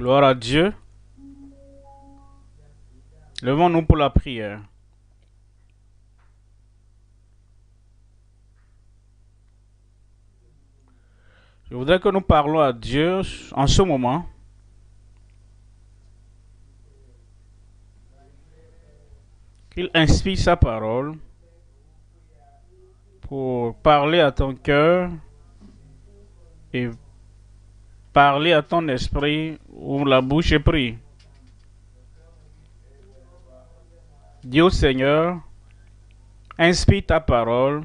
Gloire à Dieu. Levons-nous pour la prière. Je voudrais que nous parlons à Dieu en ce moment. Qu'il inspire sa parole pour parler à ton cœur et parler à ton esprit où la bouche est prise. Dieu Seigneur, inspire ta parole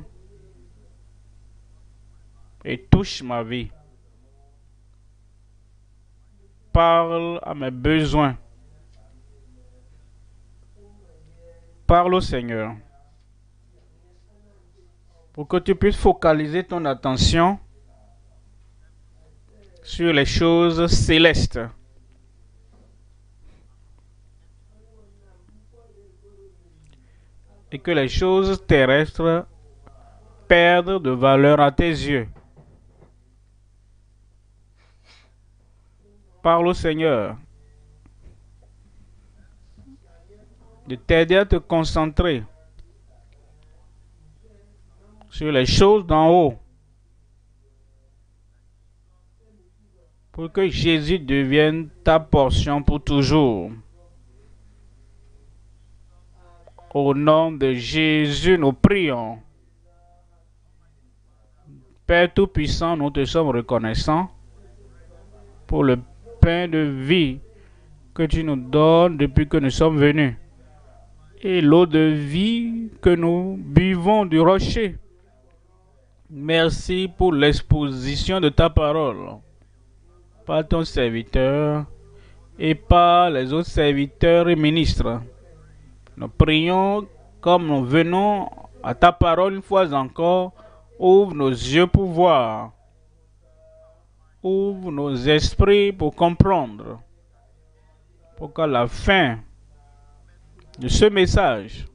et touche ma vie. Parle à mes besoins. Parle au Seigneur pour que tu puisses focaliser ton attention sur les choses célestes. Et que les choses terrestres perdent de valeur à tes yeux. Parle au Seigneur de t'aider à te concentrer sur les choses d'en haut pour que Jésus devienne ta portion pour toujours. Au nom de Jésus, nous prions. Père Tout-Puissant, nous te sommes reconnaissants pour le pain de vie que tu nous donnes depuis que nous sommes venus et l'eau de vie que nous buvons du rocher. Merci pour l'exposition de ta parole par ton serviteur et par les autres serviteurs et ministres. Nous prions comme nous venons à ta parole une fois encore. Ouvre nos yeux pour voir. Ouvre nos esprits pour comprendre. Pour qu'à la fin de ce message,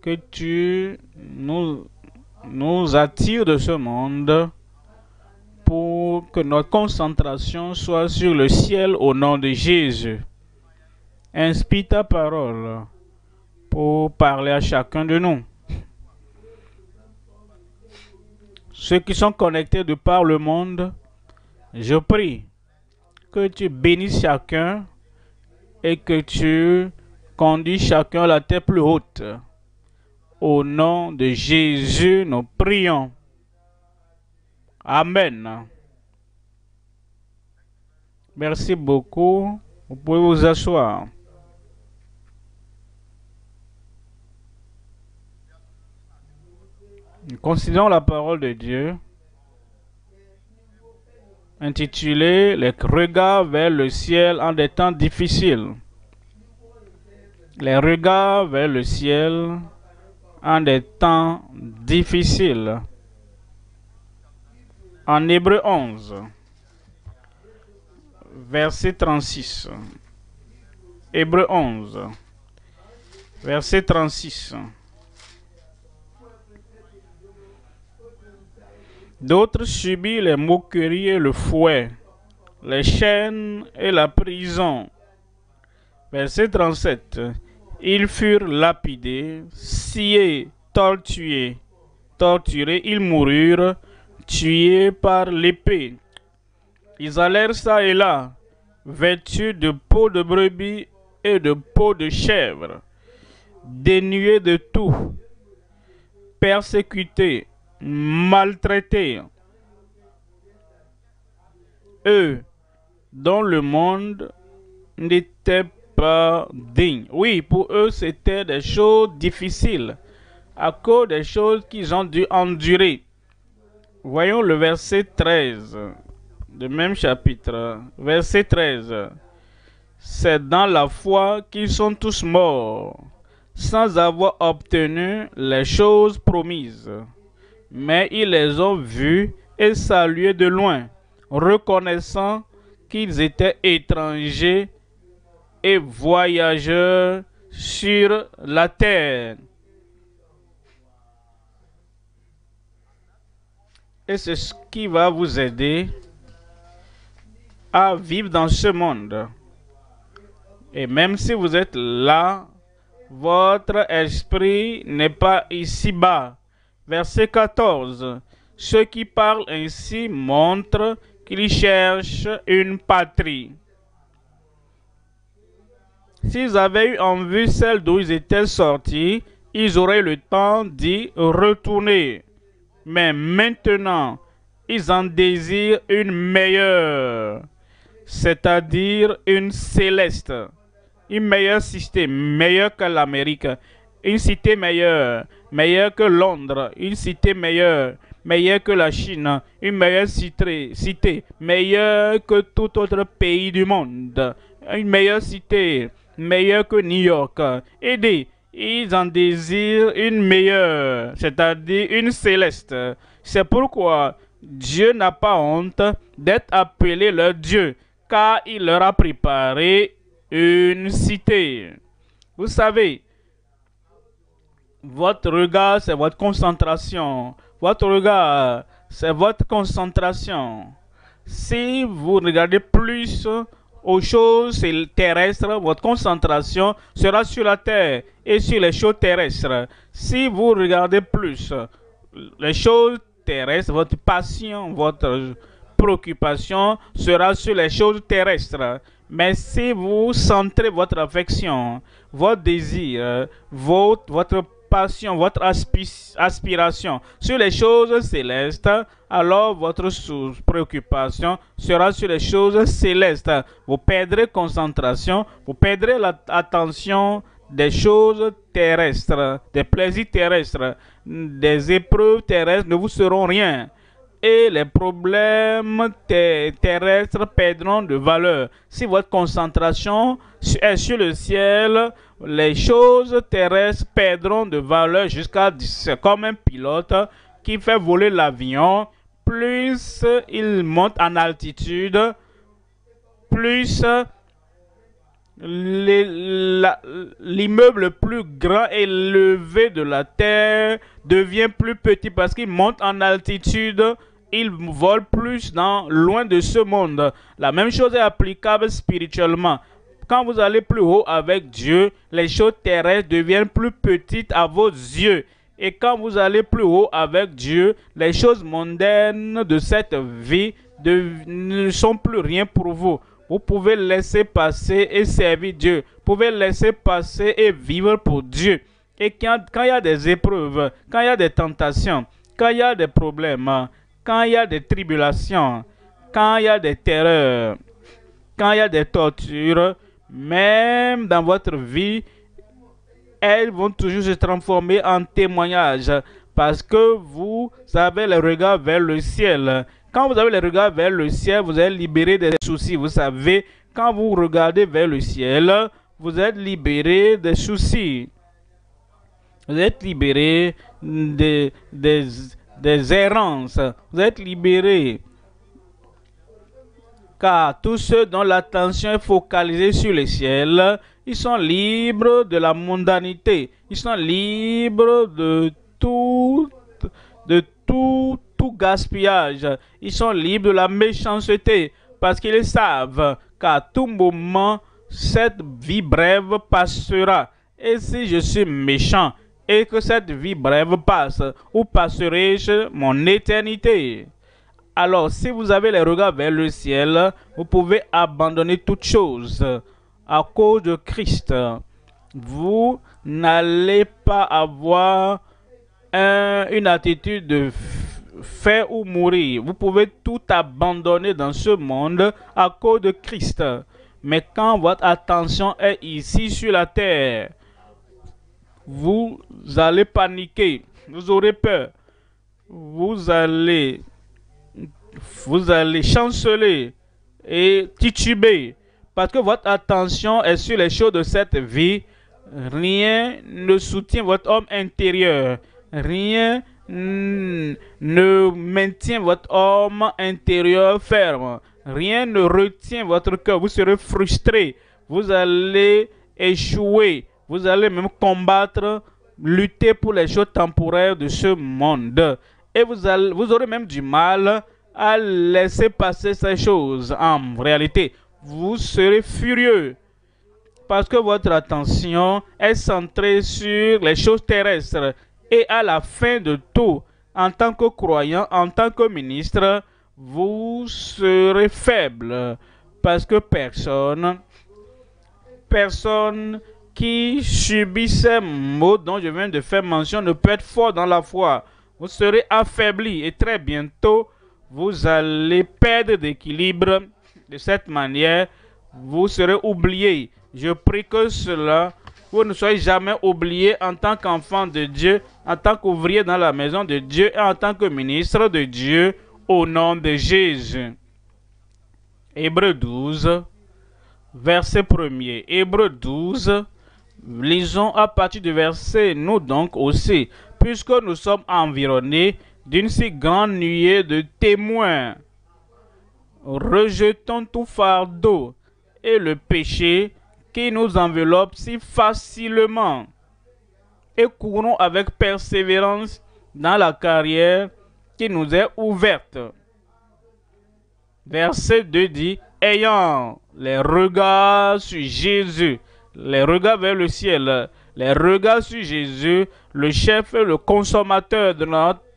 que tu nous, nous attires de ce monde pour que notre concentration soit sur le ciel au nom de Jésus. Inspire ta parole pour parler à chacun de nous. Ceux qui sont connectés de par le monde, je prie que tu bénisses chacun et que tu conduis chacun à la terre plus haute. Au nom de Jésus, nous prions. Amen. Merci beaucoup. Vous pouvez vous asseoir. Nous considérons la parole de Dieu intitulée Les regards vers le ciel en des temps difficiles. Les regards vers le ciel en des temps difficiles. En Hébreu 11, verset 36. Hébreu 11, verset 36. D'autres subirent les moqueries et le fouet, les chaînes et la prison. Verset 37. Ils furent lapidés, sciés, torturés, torturés, ils moururent tués par l'épée. Ils allèrent ça et là, vêtus de peau de brebis et de peau de chèvre, dénués de tout, persécutés, maltraités. Eux, dans le monde, n'étaient pas dignes. Oui, pour eux, c'était des choses difficiles à cause des choses qu'ils ont dû endurer. Voyons le verset 13 du même chapitre. Verset 13. C'est dans la foi qu'ils sont tous morts, sans avoir obtenu les choses promises. Mais ils les ont vus et salués de loin, reconnaissant qu'ils étaient étrangers et voyageurs sur la terre. Et c'est ce qui va vous aider à vivre dans ce monde. Et même si vous êtes là, votre esprit n'est pas ici-bas. Verset 14. Ceux qui parlent ainsi montrent qu'ils cherchent une patrie. S'ils avaient eu en vue celle d'où ils étaient sortis, ils auraient le temps d'y retourner mais maintenant, ils en désirent une meilleure, c'est-à-dire une céleste, une meilleure cité, meilleure que l'Amérique, une cité meilleure, meilleure que Londres, une cité meilleure, meilleure que la Chine, une meilleure cité, cité meilleure que tout autre pays du monde, une meilleure cité, meilleure que New York. Aidez, ils en désirent une meilleure, c'est-à-dire une céleste. C'est pourquoi Dieu n'a pas honte d'être appelé leur Dieu, car il leur a préparé une cité. Vous savez, votre regard, c'est votre concentration. Votre regard, c'est votre concentration. Si vous regardez plus aux choses terrestres, votre concentration sera sur la terre et sur les choses terrestres. Si vous regardez plus les choses terrestres, votre passion, votre préoccupation sera sur les choses terrestres. Mais si vous centrez votre affection, votre désir, votre, votre passion, votre aspiration sur les choses célestes, alors votre préoccupation sera sur les choses célestes. Vous perdrez concentration, vous perdrez l'attention des choses terrestres, des plaisirs terrestres, des épreuves terrestres ne vous seront rien et les problèmes terrestres perdront de valeur. Si votre concentration est sur le ciel, les choses terrestres perdront de valeur jusqu'à... C'est comme un pilote qui fait voler l'avion. Plus il monte en altitude, plus l'immeuble plus grand et levé de la terre devient plus petit parce qu'il monte en altitude ils volent plus dans loin de ce monde. La même chose est applicable spirituellement. Quand vous allez plus haut avec Dieu, les choses terrestres deviennent plus petites à vos yeux. Et quand vous allez plus haut avec Dieu, les choses mondaines de cette vie ne sont plus rien pour vous. Vous pouvez laisser passer et servir Dieu. Vous pouvez laisser passer et vivre pour Dieu. Et quand, quand il y a des épreuves, quand il y a des tentations, quand il y a des problèmes, quand il y a des tribulations, quand il y a des terreurs, quand il y a des tortures, même dans votre vie, elles vont toujours se transformer en témoignage parce que vous avez le regard vers le ciel. Quand vous avez le regard vers le ciel, vous êtes libéré des soucis. Vous savez, quand vous regardez vers le ciel, vous êtes libéré des soucis. Vous êtes libéré des, des errances, vous êtes libérés. Car tous ceux dont l'attention est focalisée sur le ciel, ils sont libres de la mondanité. Ils sont libres de tout, de tout gaspillage. Ils sont libres de la méchanceté parce qu'ils savent qu'à tout moment, cette vie brève passera. Et si je suis méchant, et que cette vie brève passe, où passerai-je mon éternité Alors si vous avez les regards vers le ciel, vous pouvez abandonner toute chose, à cause de Christ. Vous n'allez pas avoir une attitude de faire ou mourir. Vous pouvez tout abandonner dans ce monde à cause de Christ. Mais quand votre attention est ici sur la terre, vous allez paniquer, vous aurez peur, vous allez, vous allez chanceler et tituber, parce que votre attention est sur les choses de cette vie. Rien ne soutient votre homme intérieur. Rien ne maintient votre homme intérieur ferme. Rien ne retient votre cœur. Vous serez frustré. Vous allez échouer vous allez même combattre, lutter pour les choses temporaires de ce monde. Et vous, allez, vous aurez même du mal à laisser passer ces choses en réalité. Vous serez furieux parce que votre attention est centrée sur les choses terrestres. Et à la fin de tout, en tant que croyant, en tant que ministre, vous serez faible parce que personne, personne qui subit ces maux dont je viens de faire mention ne peut être fort dans la foi. Vous serez affaibli et très bientôt, vous allez perdre d'équilibre. De cette manière, vous serez oublié. Je prie que cela, vous ne soyez jamais oublié en tant qu'enfant de Dieu, en tant qu'ouvrier dans la maison de Dieu et en tant que ministre de Dieu, au nom de Jésus. Hébreu 12, verset 1er. Hébreu 12, Lisons à partir du verset, nous donc aussi, puisque nous sommes environnés d'une si grande nuée de témoins. Rejetons tout fardeau et le péché qui nous enveloppe si facilement et courons avec persévérance dans la carrière qui nous est ouverte. Verset 2 dit, ayant les regards sur Jésus, les regards vers le ciel, les regards sur Jésus, le chef et le consommateur de,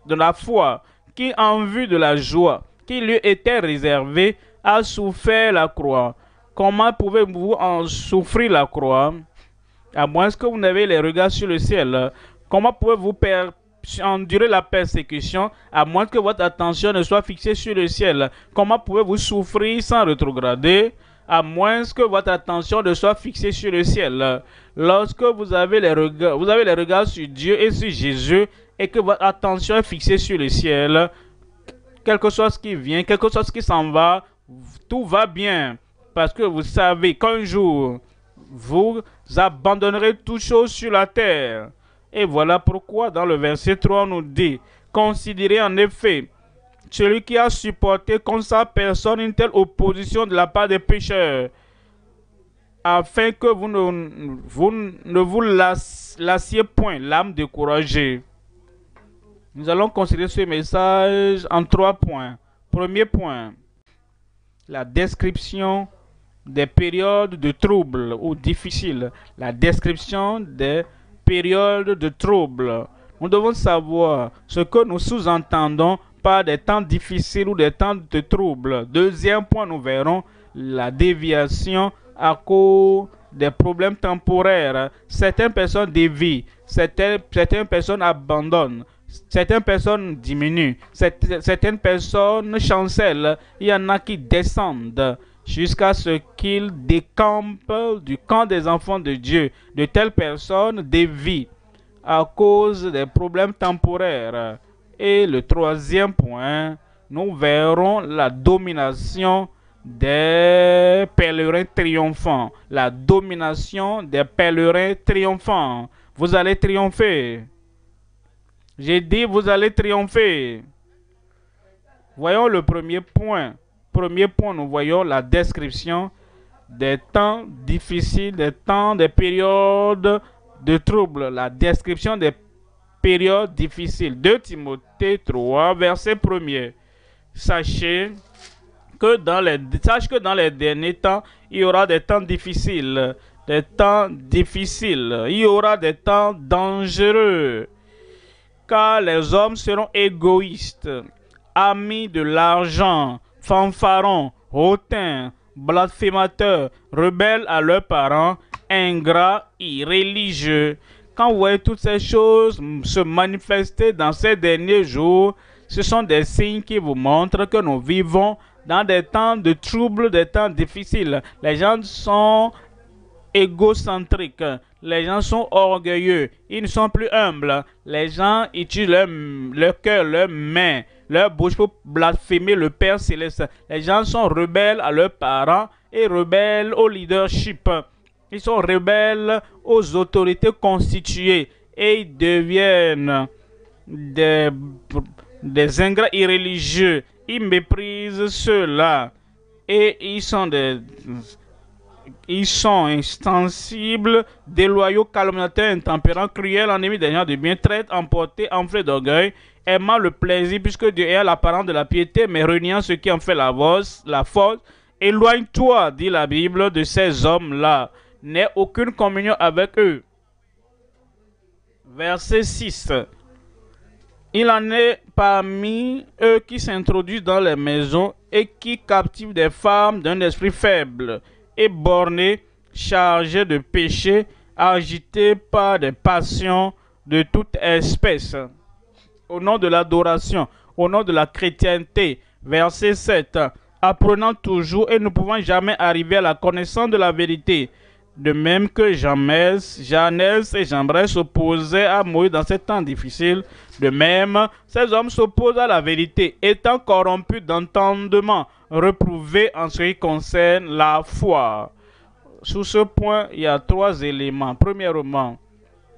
de la foi, qui en vue de la joie qui lui était réservée a souffert la croix. Comment pouvez-vous en souffrir la croix À moins que vous n'ayez les regards sur le ciel. Comment pouvez-vous endurer la persécution à moins que votre attention ne soit fixée sur le ciel Comment pouvez-vous souffrir sans rétrograder à moins que votre attention ne soit fixée sur le ciel. Lorsque vous avez les regards, vous avez les regards sur Dieu et sur Jésus et que votre attention est fixée sur le ciel, quelque chose qui vient, quelque chose qui s'en va, tout va bien. Parce que vous savez qu'un jour, vous abandonnerez toute chose sur la terre. Et voilà pourquoi dans le verset 3, on nous dit, considérez en effet celui qui a supporté comme sa personne une telle opposition de la part des pécheurs, afin que vous ne vous, ne lassiez point l'âme découragée. Nous allons considérer ce message en trois points. Premier point, la description des périodes de troubles ou difficiles. La description des périodes de troubles. Nous devons savoir ce que nous sous-entendons des temps difficiles ou des temps de troubles. Deuxième point, nous verrons la déviation à cause des problèmes temporaires. Certaines personnes dévient, certaines, personnes abandonnent, certaines personnes diminuent, certaines, certaines personnes chancellent, il y en a qui descendent jusqu'à ce qu'ils décampent du camp des enfants de Dieu. De telles personnes dévient à cause des problèmes temporaires. Et le troisième point, nous verrons la domination des pèlerins triomphants. La domination des pèlerins triomphants. Vous allez triompher. J'ai dit, vous allez triompher. Voyons le premier point. Premier point, nous voyons la description des temps difficiles, des temps, des périodes de troubles. La description des période difficile. 2 Timothée 3, verset 1er. Sachez que dans les, que dans les derniers temps, il y aura des temps difficiles. Des temps difficiles. Il y aura des temps dangereux. Car les hommes seront égoïstes, amis de l'argent, fanfarons, hautains, blasphémateurs, rebelles à leurs parents, ingrats, irréligieux, quand vous voyez toutes ces choses se manifester dans ces derniers jours, ce sont des signes qui vous montrent que nous vivons dans des temps de troubles, des temps difficiles. Les gens sont égocentriques. Les gens sont orgueilleux. Ils ne sont plus humbles. Les gens utilisent leur, leur cœur, leurs mains, leur bouche pour blasphémer le Père céleste. Les gens sont rebelles à leurs parents et rebelles au leadership. Ils sont rebelles aux autorités constituées et ils deviennent des, des ingrats irréligieux. Ils méprisent ceux-là et ils sont des ils sont insensibles, déloyaux, calomniateurs, intempérants, cruels, ennemis des de bien, traite, emportés, enflés d'orgueil, aimant le plaisir, puisque Dieu est l'apparent de la piété, mais reniant ceux qui en fait la, la force. Éloigne-toi, dit la Bible, de ces hommes-là n'ait aucune communion avec eux. Verset 6. Il en est parmi eux qui s'introduisent dans les maisons et qui captivent des femmes d'un esprit faible et borné, chargées de péchés, agitées par des passions de toute espèce. Au nom de l'adoration, au nom de la chrétienté, verset 7, apprenant toujours et ne pouvant jamais arriver à la connaissance de la vérité, de même que Janès, Janès et Jambres s'opposaient à Moïse dans ces temps difficiles, de même, ces hommes s'opposent à la vérité, étant corrompus d'entendement, reprouvés en ce qui concerne la foi. Sous ce point, il y a trois éléments. Premièrement,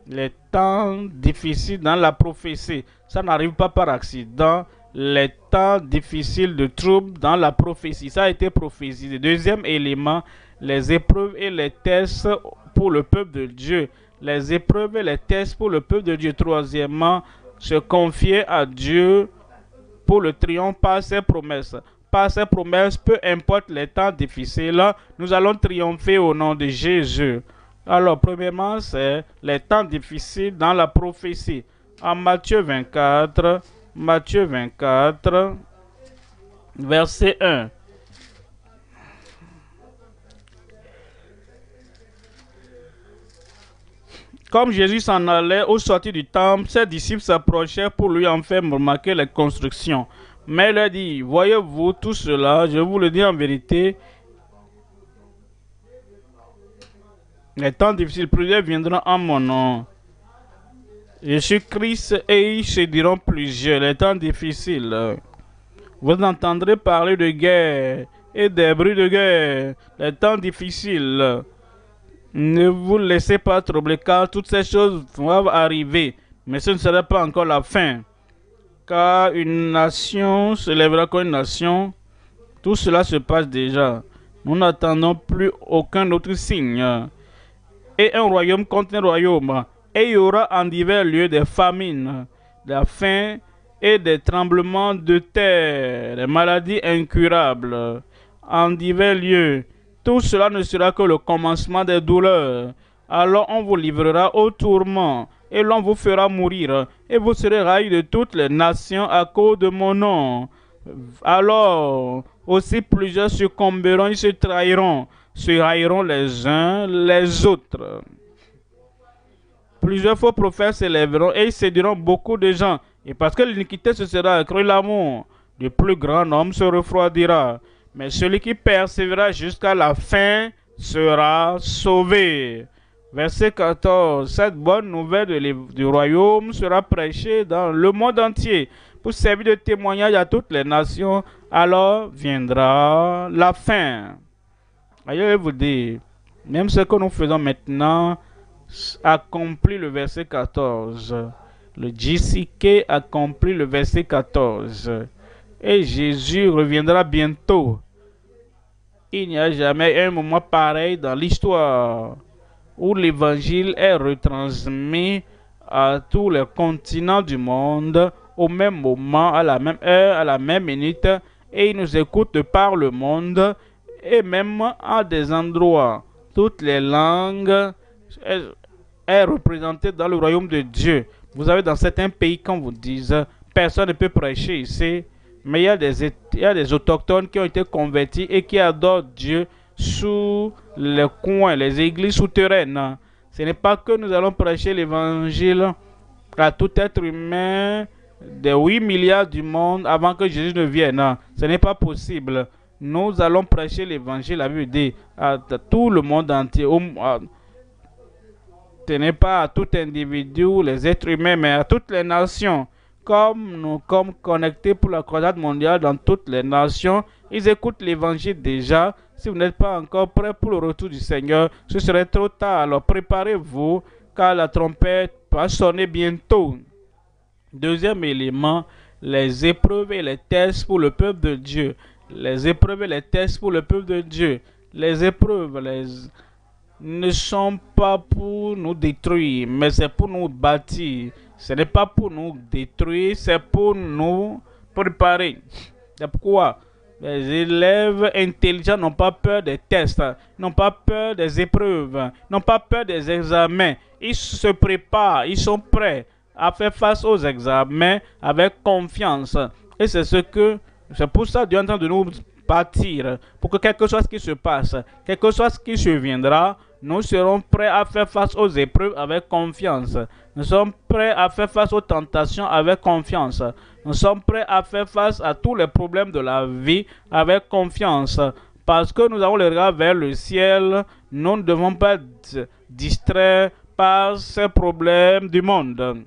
les temps difficiles dans la prophétie. Ça n'arrive pas par accident. Les temps difficiles de troubles dans la prophétie. Ça a été prophétisé. Deuxième élément, les épreuves et les tests pour le peuple de Dieu. Les épreuves et les tests pour le peuple de Dieu. Troisièmement, se confier à Dieu pour le triomphe par ses promesses. Par ses promesses, peu importe les temps difficiles, nous allons triompher au nom de Jésus. Alors, premièrement, c'est les temps difficiles dans la prophétie. En Matthieu 24, Matthieu 24, verset 1. Comme Jésus s'en allait au sortir du temple, ses disciples s'approchaient pour lui en faire remarquer les constructions. Mais il leur dit, voyez-vous tout cela, je vous le dis en vérité, les temps difficiles, plusieurs viendront en mon nom. Je suis Christ et ils se diront plusieurs, les temps difficiles. Vous entendrez parler de guerre et des bruits de guerre, les temps difficiles. Ne vous laissez pas troubler car toutes ces choses vont arriver, mais ce ne sera pas encore la fin. Car une nation se lèvera comme une nation. Tout cela se passe déjà. Nous n'attendons plus aucun autre signe. Et un royaume contre un royaume. Et il y aura en divers lieux des famines, de la faim et des tremblements de terre, des maladies incurables en divers lieux tout cela ne sera que le commencement des douleurs. Alors on vous livrera au tourment, et l'on vous fera mourir, et vous serez raïs de toutes les nations à cause de mon nom. Alors aussi plusieurs succomberont et se trahiront, se railleront les uns les autres. Plusieurs faux prophètes s'élèveront et séduiront beaucoup de gens. Et parce que l'iniquité se sera accrue, l'amour du plus grand homme se refroidira mais celui qui persévérera jusqu'à la fin sera sauvé. Verset 14. Cette bonne nouvelle du royaume sera prêchée dans le monde entier pour servir de témoignage à toutes les nations. Alors viendra la fin. Je vous dire, même ce que nous faisons maintenant accomplit le verset 14. Le JCK accomplit le verset 14. Et Jésus reviendra bientôt. Il n'y a jamais un moment pareil dans l'histoire où l'évangile est retransmis à tous les continents du monde au même moment, à la même heure, à la même minute, et il nous écoutent par le monde et même à des endroits. Toutes les langues sont représentées dans le royaume de Dieu. Vous avez dans certains pays quand vous dites, personne ne peut prêcher ici mais il y, a des, il y a des autochtones qui ont été convertis et qui adorent Dieu sous les coins, les églises souterraines. Ce n'est pas que nous allons prêcher l'évangile à tout être humain des 8 milliards du monde avant que Jésus ne vienne. Ce n'est pas possible. Nous allons prêcher l'évangile, à tout le monde entier. Ce n'est pas à tout individu, les êtres humains, mais à toutes les nations comme nous sommes connectés pour la croisade mondiale dans toutes les nations. Ils écoutent l'évangile déjà. Si vous n'êtes pas encore prêt pour le retour du Seigneur, ce serait trop tard. Alors préparez-vous car la trompette va sonner bientôt. Deuxième élément, les épreuves et les tests pour le peuple de Dieu. Les épreuves et les tests pour le peuple de Dieu. Les épreuves les... ne sont pas pour nous détruire, mais c'est pour nous bâtir. Ce n'est pas pour nous détruire, c'est pour nous préparer. C'est pourquoi les élèves intelligents n'ont pas peur des tests, n'ont pas peur des épreuves, n'ont pas peur des examens. Ils se préparent, ils sont prêts à faire face aux examens avec confiance. Et c'est ce que, c'est pour ça Dieu est en train de nous partir, pour que quelque chose qui se passe, quelque chose qui se viendra, nous serons prêts à faire face aux épreuves avec confiance. Nous sommes prêts à faire face aux tentations avec confiance. Nous sommes prêts à faire face à tous les problèmes de la vie avec confiance. Parce que nous avons le regard vers le ciel, nous ne devons pas être distraits par ces problèmes du monde.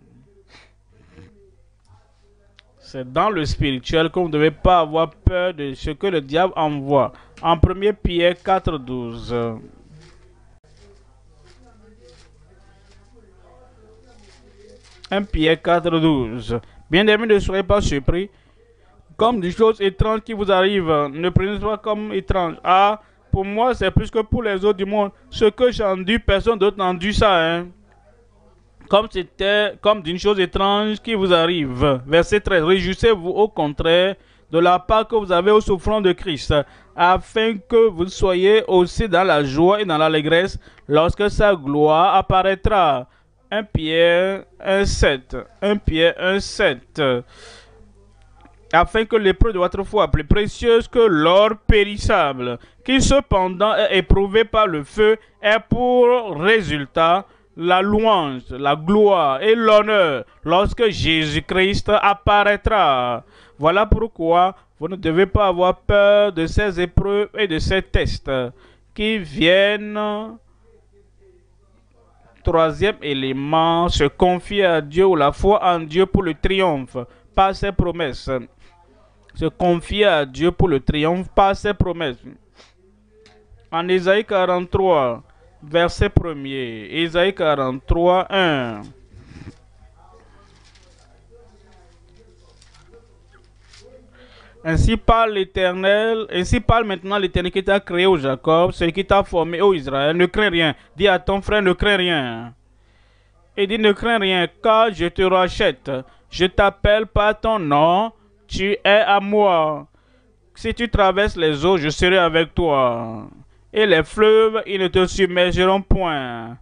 C'est dans le spirituel que vous ne devez pas avoir peur de ce que le diable envoie. En 1 Pierre 4, 12. 1 Pierre 4, 12. Bien-aimés, ne soyez pas surpris. Comme des choses étranges qui vous arrivent, ne prenez pas comme étrange. Ah, pour moi, c'est plus que pour les autres du monde. Ce que j'ai entendu, personne d'autre n'a entendu ça. Hein. Comme c'était comme d'une chose étrange qui vous arrive. Verset 13. Réjouissez-vous au contraire de la part que vous avez au souffrant de Christ, afin que vous soyez aussi dans la joie et dans l'allégresse lorsque sa gloire apparaîtra. Un Pierre un pied Pierre 1,7. Afin que l'épreuve de votre foi, plus précieuse que l'or périssable, qui cependant est éprouvée par le feu, ait pour résultat la louange, la gloire et l'honneur lorsque Jésus-Christ apparaîtra. Voilà pourquoi vous ne devez pas avoir peur de ces épreuves et de ces tests qui viennent troisième élément, se confier à Dieu ou la foi en Dieu pour le triomphe pas ses promesses. Se confier à Dieu pour le triomphe pas ses promesses. En Isaïe 43, verset 1er, 43, 1. Ainsi parle l'Éternel, ainsi parle maintenant l'Éternel qui t'a créé au Jacob, celui qui t'a formé au Israël. Ne crains rien. Dis à ton frère, ne crains rien. Et dis, ne crains rien, car je te rachète. Je t'appelle par ton nom. Tu es à moi. Si tu traverses les eaux, je serai avec toi. Et les fleuves, ils ne te submergeront point.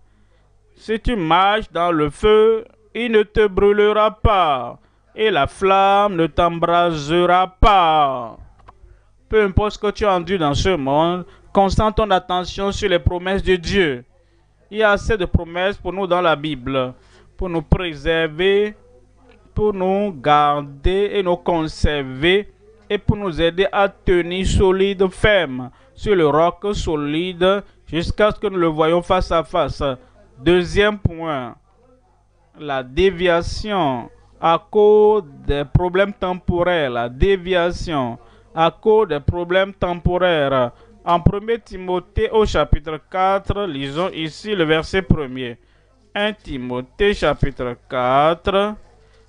Si tu marches dans le feu, il ne te brûlera pas et la flamme ne t'embrasera pas. Peu importe ce que tu as enduit dans ce monde, concentre ton attention sur les promesses de Dieu. Il y a assez de promesses pour nous dans la Bible, pour nous préserver, pour nous garder et nous conserver, et pour nous aider à tenir solide, ferme, sur le roc solide, jusqu'à ce que nous le voyons face à face. Deuxième point, la déviation à cause des problèmes temporaires, la déviation, à cause des problèmes temporaires. En 1 Timothée au chapitre 4, lisons ici le verset 1 1 Timothée chapitre 4,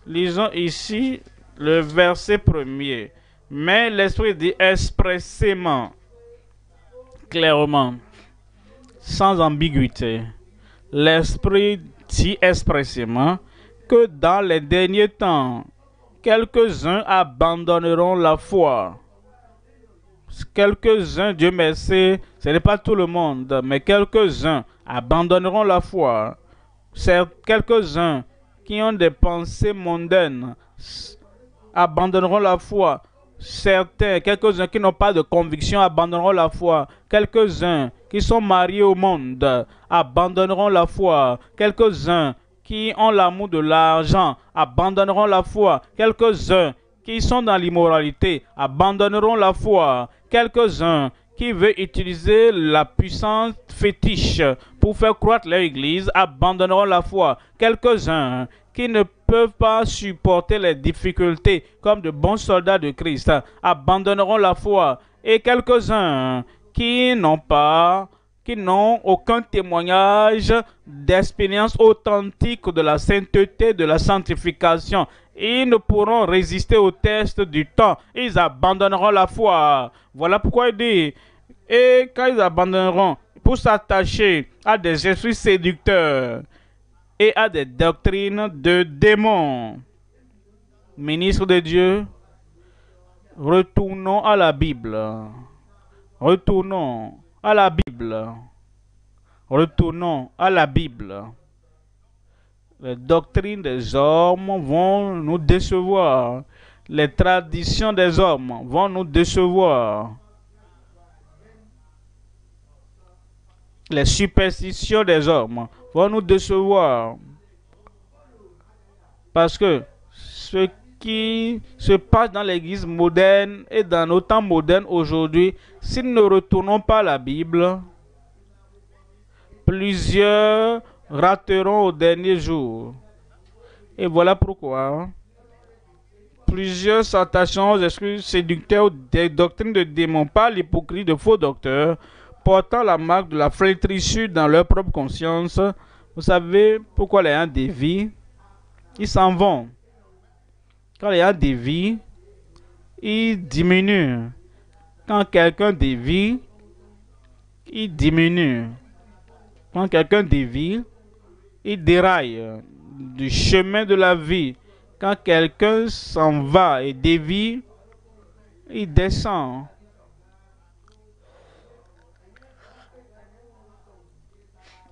lisons ici le verset 1 Mais l'Esprit dit expressément, clairement, sans ambiguïté. L'Esprit dit expressément que dans les derniers temps, quelques-uns abandonneront la foi. Quelques-uns, Dieu merci, ce n'est pas tout le monde, mais quelques-uns abandonneront la foi. quelques-uns qui ont des pensées mondaines abandonneront la foi. Certains, quelques-uns qui n'ont pas de conviction abandonneront la foi. Quelques-uns qui sont mariés au monde abandonneront la foi. Quelques-uns qui ont l'amour de l'argent abandonneront la foi. Quelques-uns qui sont dans l'immoralité abandonneront la foi. Quelques-uns qui veulent utiliser la puissance fétiche pour faire croître leur Église abandonneront la foi. Quelques-uns qui ne peuvent pas supporter les difficultés comme de bons soldats de Christ abandonneront la foi. Et quelques-uns qui n'ont pas n'ont aucun témoignage d'expérience authentique de la sainteté, de la sanctification. Ils ne pourront résister au test du temps. Ils abandonneront la foi. Voilà pourquoi il dit, et quand ils abandonneront pour s'attacher à des esprits séducteurs et à des doctrines de démons. Ministre de Dieu, retournons à la Bible. Retournons à la Bible. Retournons à la Bible. Les doctrines des hommes vont nous décevoir. Les traditions des hommes vont nous décevoir. Les superstitions des hommes vont nous décevoir. Parce que ce qui se passe dans l'église moderne et dans nos temps modernes aujourd'hui, si nous ne retournons pas la Bible, plusieurs rateront au dernier jour. Et voilà pourquoi plusieurs s'attachant aux excuses séducteurs des doctrines de démons pas l'hypocrisie de faux docteurs, portant la marque de la flétrissure dans leur propre conscience. Vous savez pourquoi les gens dévient Ils s'en vont quand il y a des vies, il diminue. Quand quelqu'un dévie, il diminue. Quand quelqu'un dévie, il déraille du chemin de la vie. Quand quelqu'un s'en va et dévie, il descend.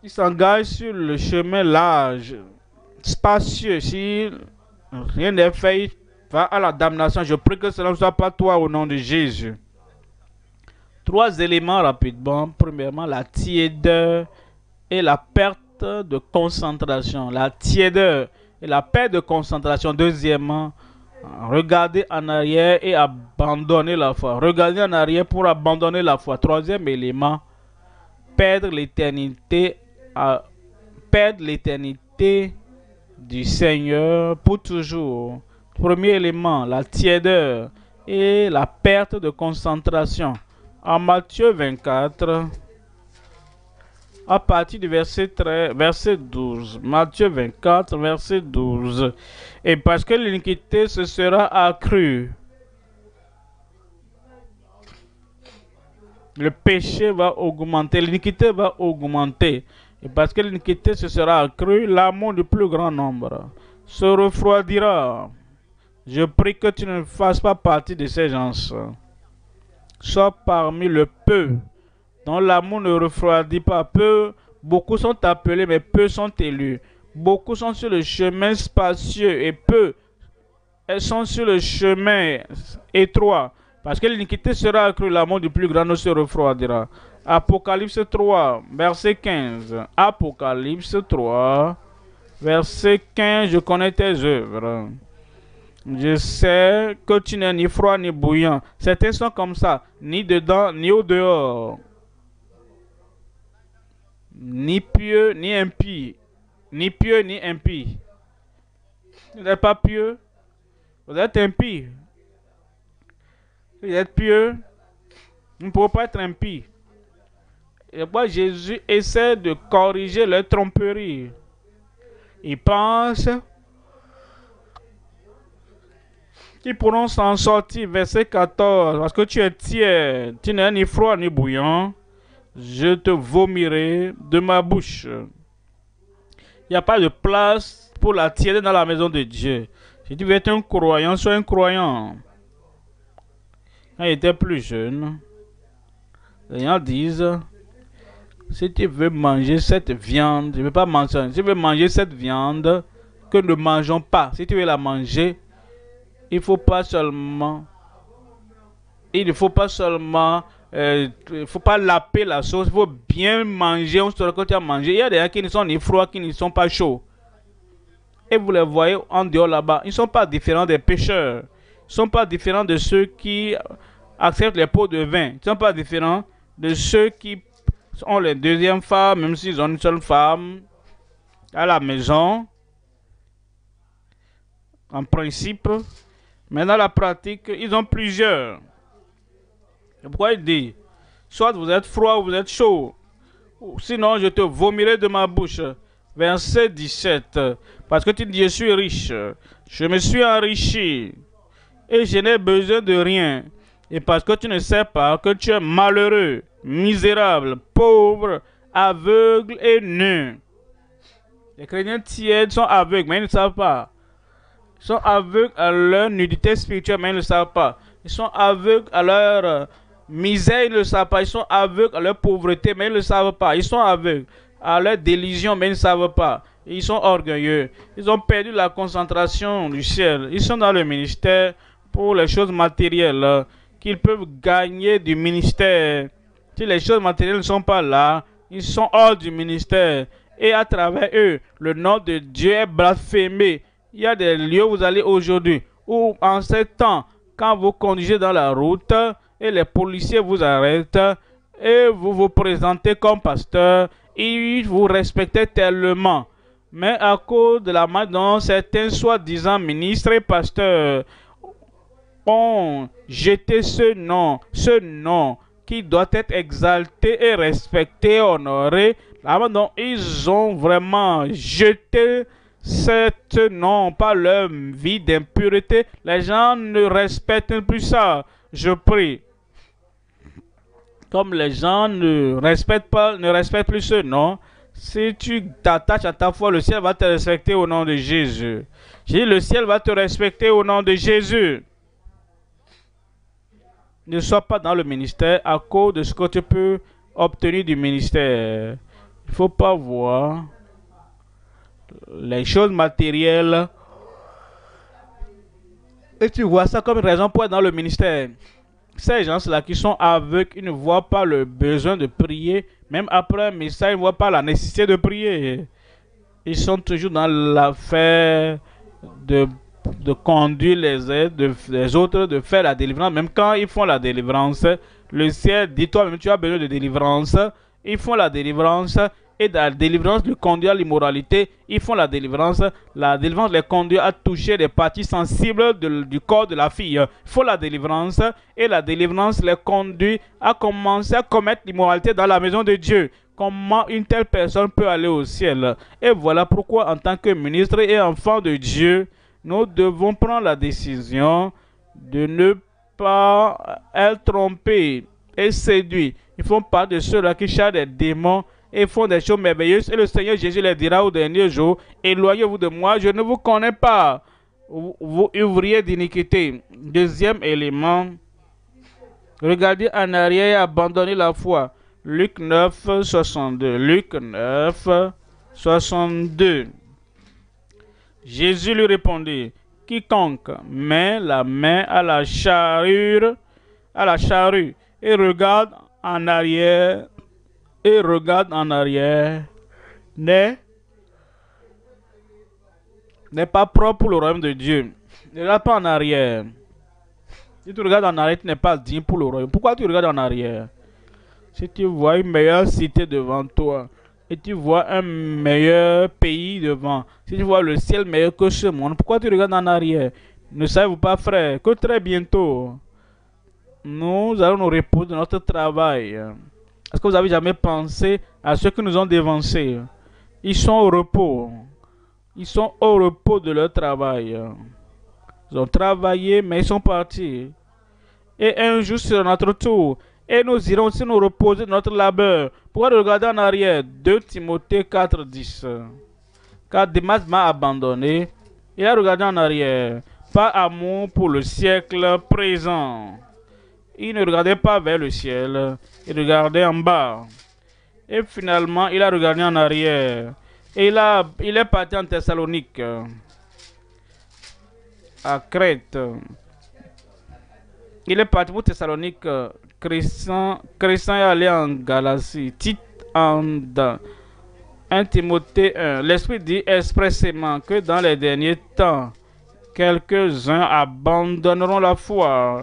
Il s'engage sur le chemin large, spacieux. Si rien n'est fait, va à la damnation. Je prie que cela ne soit pas toi au nom de Jésus. Trois éléments rapidement. Premièrement, la tiédeur et la perte de concentration. La tiédeur et la perte de concentration. Deuxièmement, regarder en arrière et abandonner la foi. Regarder en arrière pour abandonner la foi. Troisième élément, perdre l'éternité. Perdre l'éternité du Seigneur pour toujours. Premier élément, la tiédeur et la perte de concentration. En Matthieu 24, à partir du verset, 13, verset 12. Matthieu 24, verset 12. Et parce que l'iniquité se sera accrue, le péché va augmenter, l'iniquité va augmenter. Et parce que l'iniquité se sera accrue, l'amour du plus grand nombre se refroidira. Je prie que tu ne fasses pas partie de ces gens. Sois parmi le peu, dont l'amour ne refroidit pas peu. Beaucoup sont appelés, mais peu sont élus. Beaucoup sont sur le chemin spacieux et peu elles sont sur le chemin étroit. Parce que l'iniquité sera accrue, l'amour du plus grand ne se refroidira. Apocalypse 3, verset 15. Apocalypse 3, verset 15. Je connais tes œuvres. Je sais que tu n'es ni froid ni bouillant. Certains sont comme ça, ni dedans ni au dehors. Ni pieux ni impie. Ni pieux ni impie. Vous n'êtes pas pieux. Vous êtes impie. Vous êtes pieux. Vous ne pouvez pas être impie. Et moi, Jésus essaie de corriger les tromperie. Il pense... pourront s'en sortir. Verset 14. Parce que tu es tiède, tu n'es ni froid ni bouillant, je te vomirai de ma bouche. Il n'y a pas de place pour la tiède dans la maison de Dieu. Si tu veux être un croyant, sois un croyant. Quand il était plus jeune, les gens disent si tu veux manger cette viande, je ne veux pas mentionner, si tu veux manger cette viande, que ne mangeons pas. Si tu veux la manger, il faut pas seulement il ne faut pas seulement euh, faut pas laper la sauce, il faut bien manger, on se que à manger. Il y a des gens qui ne sont ni froids, qui ne sont pas chauds. Et vous les voyez en dehors là-bas, ils ne sont pas différents des pêcheurs. Ils ne sont pas différents de ceux qui acceptent les pots de vin. Ils ne sont pas différents de ceux qui ont les deuxième femmes, même s'ils ont une seule femme à la maison. En principe, mais dans la pratique, ils ont plusieurs. C'est pourquoi il dit, soit vous êtes froid ou vous êtes chaud, sinon je te vomirai de ma bouche. Verset 17. Parce que tu dis, je suis riche, je me suis enrichi, et je n'ai besoin de rien. Et parce que tu ne sais pas que tu es malheureux, misérable, pauvre, aveugle et nu. Les chrétiens tièdes sont aveugles, mais ils ne savent pas sont aveugles à leur nudité spirituelle, mais ils ne le savent pas. Ils sont aveugles à leur euh, misère, ils ne le savent pas. Ils sont aveugles à leur pauvreté, mais ils ne le savent pas. Ils sont aveugles à leur délusion, mais ils ne savent pas. Ils sont orgueilleux. Ils ont perdu la concentration du ciel. Ils sont dans le ministère pour les choses matérielles euh, qu'ils peuvent gagner du ministère. Si les choses matérielles ne sont pas là, ils sont hors du ministère. Et à travers eux, le nom de Dieu est blasphémé il y a des lieux où vous allez aujourd'hui, où en ce temps, quand vous conduisez dans la route et les policiers vous arrêtent et vous vous présentez comme pasteur, ils vous respectaient tellement. Mais à cause de la main, dont certains soi-disant ministres et pasteurs ont jeté ce nom, ce nom qui doit être exalté et respecté, honoré, la ils ont vraiment jeté cette non pas leur vie d'impureté. Les gens ne respectent plus ça. Je prie. Comme les gens ne respectent pas, ne respectent plus ce nom, si tu t'attaches à ta foi, le ciel va te respecter au nom de Jésus. J'ai le ciel va te respecter au nom de Jésus. Ne sois pas dans le ministère à cause de ce que tu peux obtenir du ministère. Il ne faut pas voir les choses matérielles. Et tu vois ça comme raison pour être dans le ministère. Ces gens-là qui sont aveugles, ils ne voient pas le besoin de prier. Même après un message, ils ne voient pas la nécessité de prier. Ils sont toujours dans l'affaire de, conduire les autres, de faire la délivrance. Même quand ils font la délivrance, le ciel dit toi-même, tu as besoin de délivrance. Ils font la délivrance et la délivrance le conduit à l'immoralité. Ils font la délivrance. La délivrance les conduit à toucher les parties sensibles du corps de la fille. Ils font la délivrance et la délivrance les conduit à commencer à commettre l'immoralité dans la maison de Dieu. Comment une telle personne peut aller au ciel Et voilà pourquoi en tant que ministre et enfant de Dieu, nous devons prendre la décision de ne pas être trompés et séduits. Ils font pas de ceux-là qui cherchent des démons et font des choses merveilleuses. Et le Seigneur Jésus leur dira au dernier jour, éloignez-vous de moi, je ne vous connais pas, vous ouvriez d'iniquité. Deuxième élément, regardez en arrière et abandonnez la foi. Luc 9, 62. Luc 9, 62. Jésus lui répondit, quiconque met la main à la charrue, à la charrue et regarde en arrière et regarde en arrière n'est pas propre pour le royaume de Dieu. Ne regarde pas en arrière. Si tu regardes en arrière, tu n'es pas digne pour le royaume. Pourquoi tu regardes en arrière Si tu vois une meilleure cité devant toi, et tu vois un meilleur pays devant, si tu vois le ciel meilleur que ce monde, pourquoi tu regardes en arrière Ne savez-vous pas, frère, que très bientôt, nous allons nous reposer de notre travail. Est-ce que vous avez jamais pensé à ceux qui nous ont dévancés Ils sont au repos. Ils sont au repos de leur travail. Ils ont travaillé, mais ils sont partis. Et un jour sur notre tour, et nous irons aussi nous reposer de notre labeur. Pourquoi regarder en arrière 2 Timothée 4, 10. Car Demas m'a abandonné. Et a regardé en arrière. Pas amour pour le siècle présent. Il ne regardait pas vers le ciel, il regardait en bas. Et finalement, il a regardé en arrière. Et il, a, il est parti en Thessalonique, à Crète. Il est parti pour Thessalonique. Christian, est allé en Galatie. Tite en 1 Timothée 1. L'Esprit dit expressément que dans les derniers temps, quelques-uns abandonneront la foi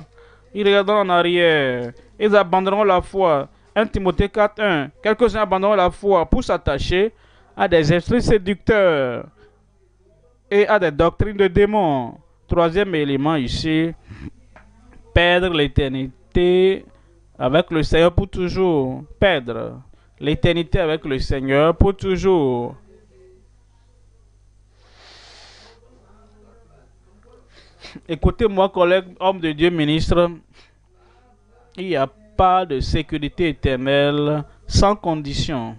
ils regarderont en arrière. Ils abandonneront la foi. 1 Timothée 4.1 Quelques-uns abandonneront la foi pour s'attacher à des esprits séducteurs et à des doctrines de démons. Troisième élément ici, perdre l'éternité avec le Seigneur pour toujours. Perdre l'éternité avec le Seigneur pour toujours. Écoutez-moi, collègue, homme de Dieu, ministre. Il n'y a pas de sécurité éternelle sans condition.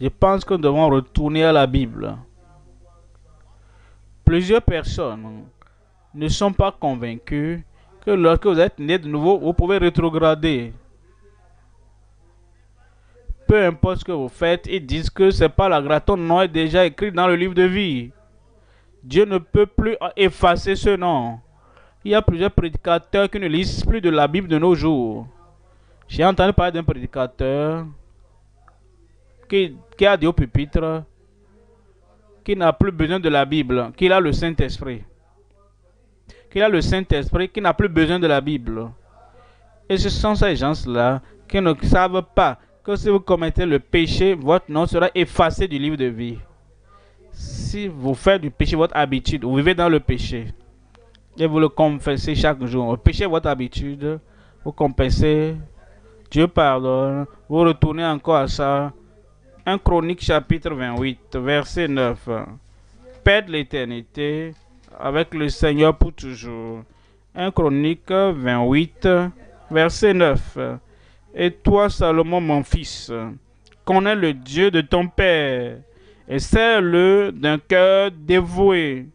Je pense que nous devons retourner à la Bible. Plusieurs personnes ne sont pas convaincues que lorsque vous êtes né de nouveau, vous pouvez rétrograder. Peu importe ce que vous faites, ils disent que ce n'est pas la grâce. Ton nom est déjà écrit dans le livre de vie. Dieu ne peut plus effacer ce nom. Il y a plusieurs prédicateurs qui ne lisent plus de la Bible de nos jours. J'ai entendu parler d'un prédicateur qui, a dit au pupitre qu'il n'a plus besoin de la Bible, qu'il a le Saint-Esprit. Qu'il a le Saint-Esprit, qu'il n'a plus besoin de la Bible. Et ce sont ces gens-là qui ne savent pas que si vous commettez le péché, votre nom sera effacé du livre de vie. Si vous faites du péché votre habitude, vous vivez dans le péché et vous le confessez chaque jour. Pêchez votre habitude, vous compensez. Dieu pardonne, vous retournez encore à ça. 1 Chronique chapitre 28, verset 9. de l'éternité avec le Seigneur pour toujours. 1 Chronique 28, verset 9. Et toi, Salomon, mon fils, connais le Dieu de ton Père et sers-le d'un cœur dévoué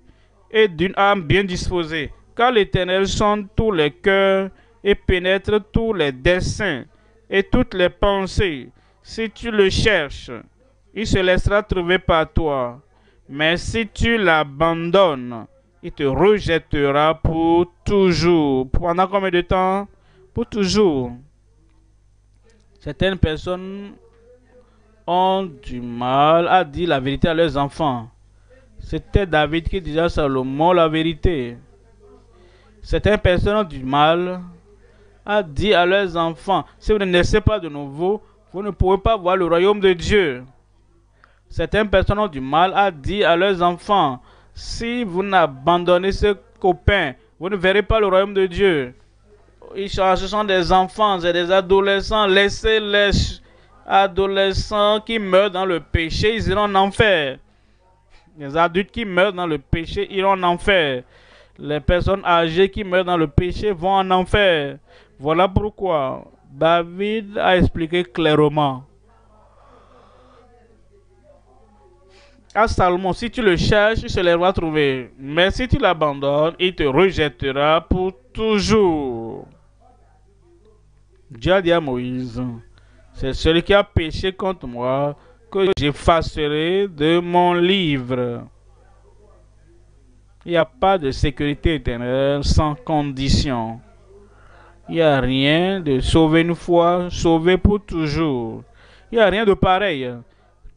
et d'une âme bien disposée, car l'Éternel sonde tous les cœurs et pénètre tous les desseins et toutes les pensées. Si tu le cherches, il se laissera trouver par toi. Mais si tu l'abandonnes, il te rejettera pour toujours. Pendant combien de temps Pour toujours. Certaines personnes ont du mal à dire la vérité à leurs enfants. C'était David qui disait à Salomon la vérité. Certaines personnes du mal a dit à leurs enfants, si vous ne naissez pas de nouveau, vous ne pourrez pas voir le royaume de Dieu. Certaines personnes du mal a dit à leurs enfants, si vous n'abandonnez ce copain, vous ne verrez pas le royaume de Dieu. ce sont des enfants et des adolescents. Laissez les adolescents qui meurent dans le péché, ils iront en enfer. Les adultes qui meurent dans le péché iront en enfer. Les personnes âgées qui meurent dans le péché vont en enfer. Voilà pourquoi David a expliqué clairement. à Salomon, si tu le cherches, tu se les vas trouver. Mais si tu l'abandonnes, il te rejettera pour toujours. Dieu a dit à Moïse, c'est celui qui a péché contre moi que j'effacerai de mon livre. Il n'y a pas de sécurité éternelle sans condition. Il n'y a rien de sauver une fois, sauver pour toujours. Il n'y a rien de pareil.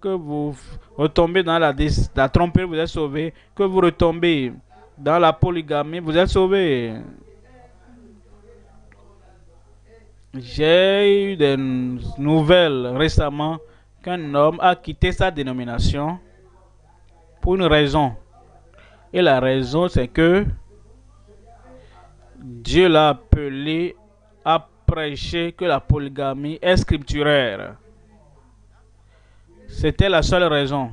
Que vous retombez dans la, la tromperie, vous êtes sauvé. Que vous retombez dans la polygamie, vous êtes sauvé. J'ai eu des nouvelles récemment qu'un homme a quitté sa dénomination pour une raison. Et la raison, c'est que Dieu l'a appelé à prêcher que la polygamie est scripturaire. C'était la seule raison.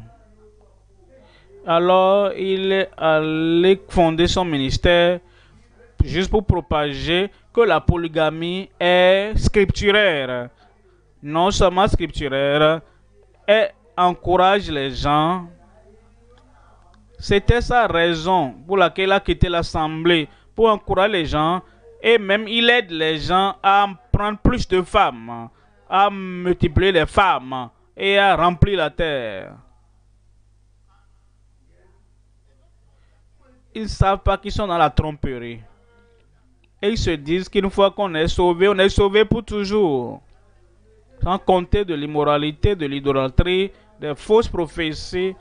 Alors, il est allé fonder son ministère juste pour propager que la polygamie est scripturaire. Non seulement scripturaire, et encourage les gens. C'était sa raison pour laquelle il a quitté l'assemblée, pour encourager les gens. Et même, il aide les gens à prendre plus de femmes, à multiplier les femmes et à remplir la terre. Ils ne savent pas qu'ils sont dans la tromperie. Et ils se disent qu'une fois qu'on est sauvé, on est sauvé pour toujours sans compter de l'immoralité, de l'idolâtrie, des fausses prophéties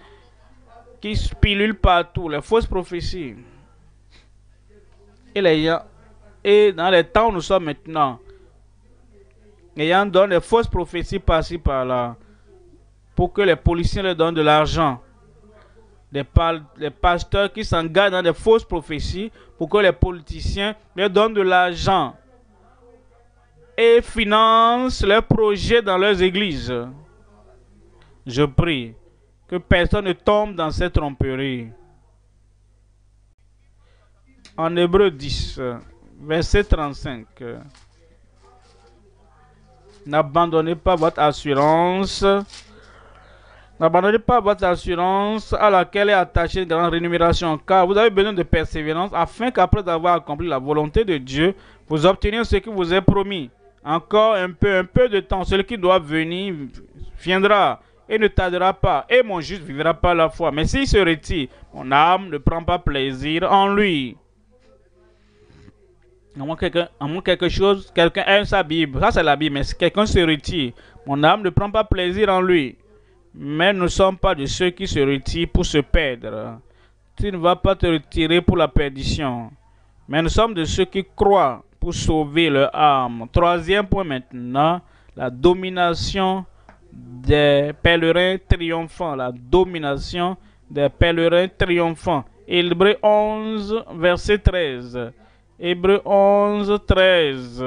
qui spilulent partout, les fausses prophéties. Et, dans les temps où nous sommes maintenant, ayant donné des fausses prophéties par-ci par-là, pour que les policiers leur donnent de l'argent. les pasteurs qui s'engagent dans des fausses prophéties pour que les politiciens leur donnent de l'argent et financent leurs projets dans leurs églises. Je prie que personne ne tombe dans cette tromperie. En Hébreu 10, verset 35. N'abandonnez pas votre assurance. N'abandonnez pas votre assurance à laquelle est attachée une grande rémunération, car vous avez besoin de persévérance afin qu'après avoir accompli la volonté de Dieu, vous obteniez ce qui vous est promis. Encore un peu, un peu de temps. Celui qui doit venir viendra et ne tardera pas. Et mon juste vivra pas la foi. Mais s'il se retire, mon âme ne prend pas plaisir en lui. En moins quelque chose, quelqu'un aime sa Bible. Ça, c'est la Bible. Mais si quelqu'un se retire, mon âme ne prend pas plaisir en lui. Mais nous ne sommes pas de ceux qui se retirent pour se perdre. Tu ne vas pas te retirer pour la perdition. Mais nous sommes de ceux qui croient sauver leur âme. Troisième point maintenant, la domination des pèlerins triomphants. La domination des pèlerins triomphants. Hébreu 11, verset 13. Hébreu 11, 13.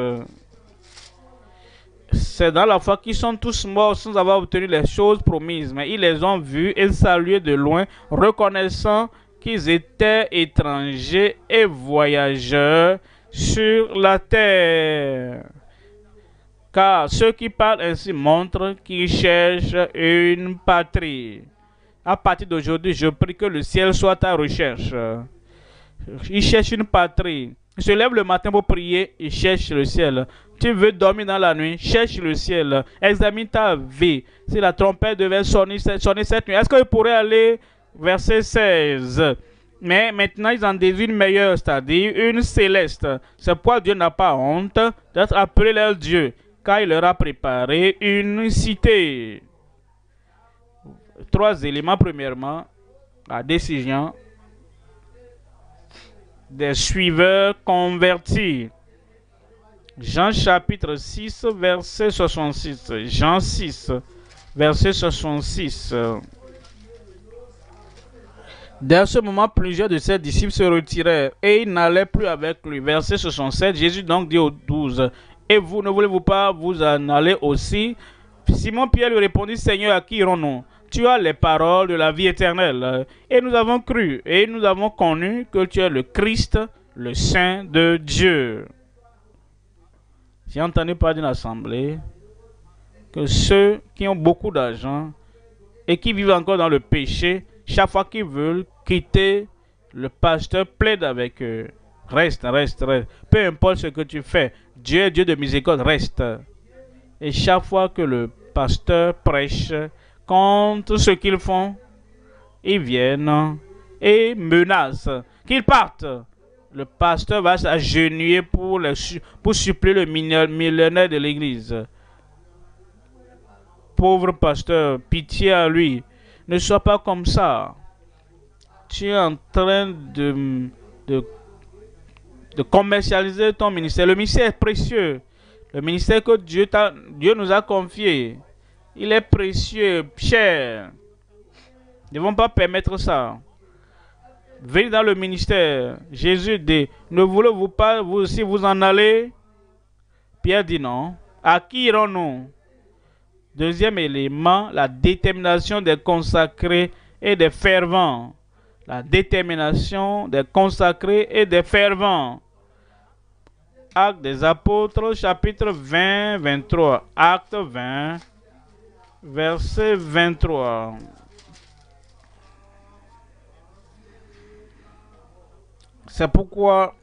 C'est dans la foi qu'ils sont tous morts sans avoir obtenu les choses promises, mais ils les ont vus et salués de loin, reconnaissant qu'ils étaient étrangers et voyageurs sur la terre. Car ceux qui parlent ainsi montrent qu'ils cherchent une patrie. À partir d'aujourd'hui, je prie que le ciel soit ta recherche. Ils cherchent une patrie. Ils se lèvent le matin pour prier, ils cherchent le ciel. Tu veux dormir dans la nuit, cherche le ciel. Examine ta vie. Si la trompette devait sonner, cette nuit, est-ce qu'il pourrait aller verset 16 mais maintenant ils en désirent meilleure, c'est-à-dire une céleste. C'est pourquoi Dieu n'a pas honte d'être appelé leur Dieu, car il leur a préparé une cité. Trois éléments. Premièrement, la décision des suiveurs convertis. Jean chapitre 6, verset 66. Jean 6, verset 66. Dès ce moment, plusieurs de ses disciples se retirèrent et ils n'allaient plus avec lui. Verset 67, Jésus donc dit aux douze, Et vous, ne voulez-vous pas vous en aller aussi Simon Pierre lui répondit, Seigneur, à qui irons-nous Tu as les paroles de la vie éternelle. Et nous avons cru et nous avons connu que tu es le Christ, le Saint de Dieu. J'ai entendu parler d'une assemblée que ceux qui ont beaucoup d'argent et qui vivent encore dans le péché, chaque fois qu'ils veulent quitter, le pasteur plaide avec eux. Reste, reste, reste. Peu importe ce que tu fais, Dieu, Dieu de miséricorde, reste. Et chaque fois que le pasteur prêche contre ce qu'ils font, ils viennent et menacent qu'ils partent. Le pasteur va s'agenouiller pour, pour supplier le millionnaire de l'église. Pauvre pasteur, pitié à lui. Ne sois pas comme ça tu es en train de, de, commercialiser ton ministère. Le ministère est précieux. Le ministère que Dieu, Dieu nous a confié, il est précieux, cher. Nous ne devons pas permettre ça. Venez dans le ministère. Jésus dit, ne voulez-vous pas vous aussi vous en aller Pierre dit non. À qui irons-nous Deuxième élément, la détermination des consacrés et des fervents la détermination des consacrés et des fervents. Acte des apôtres, chapitre 20, 23. Acte 20, verset 23. C'est pourquoi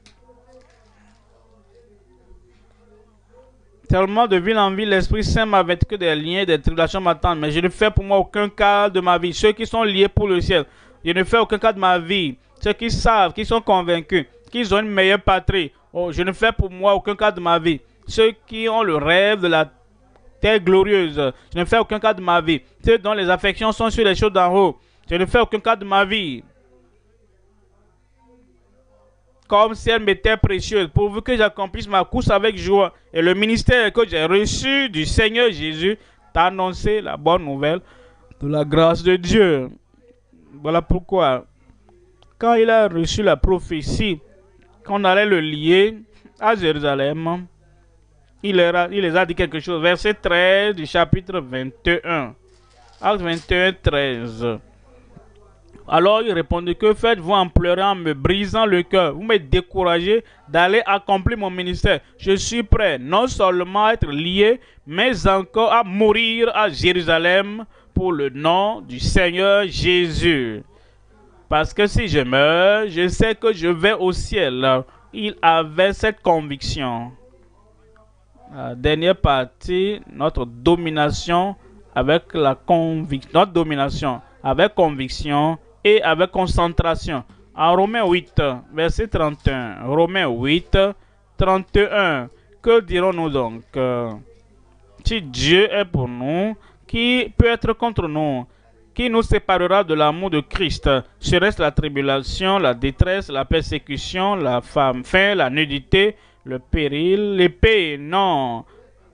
Tellement de ville en ville, l'Esprit Saint m'avait que des liens, des tribulations m'attendent. Mais je ne fais pour moi aucun cas de ma vie. Ceux qui sont liés pour le ciel je ne fais aucun cas de ma vie. Ceux qui savent, qui sont convaincus, qui ont une meilleure patrie, oh, je ne fais pour moi aucun cas de ma vie. Ceux qui ont le rêve de la terre glorieuse, je ne fais aucun cas de ma vie. Ceux dont les affections sont sur les choses d'en haut, je ne fais aucun cas de ma vie. Comme si elle m'était précieuse, pourvu que j'accomplisse ma course avec joie et le ministère que j'ai reçu du Seigneur Jésus, t'annoncer la bonne nouvelle de la grâce de Dieu. Voilà pourquoi, quand il a reçu la prophétie qu'on allait le lier à Jérusalem, il les, a, il les a dit quelque chose. Verset 13 du chapitre 21. Acte 21, 13. Alors il répondit, que faites-vous en pleurant, en me brisant le cœur Vous me découragez d'aller accomplir mon ministère. Je suis prêt non seulement à être lié, mais encore à mourir à Jérusalem pour le nom du Seigneur Jésus. Parce que si je meurs, je sais que je vais au ciel. Il avait cette conviction. dernière partie, notre domination avec la conviction. Notre domination avec conviction et avec concentration. En Romains 8, verset 31. Romains 8, 31. Que dirons-nous donc Si Dieu est pour nous, qui peut être contre nous Qui nous séparera de l'amour de Christ Serait-ce la tribulation, la détresse, la persécution, la femme, faim, la nudité, le péril, l'épée Non,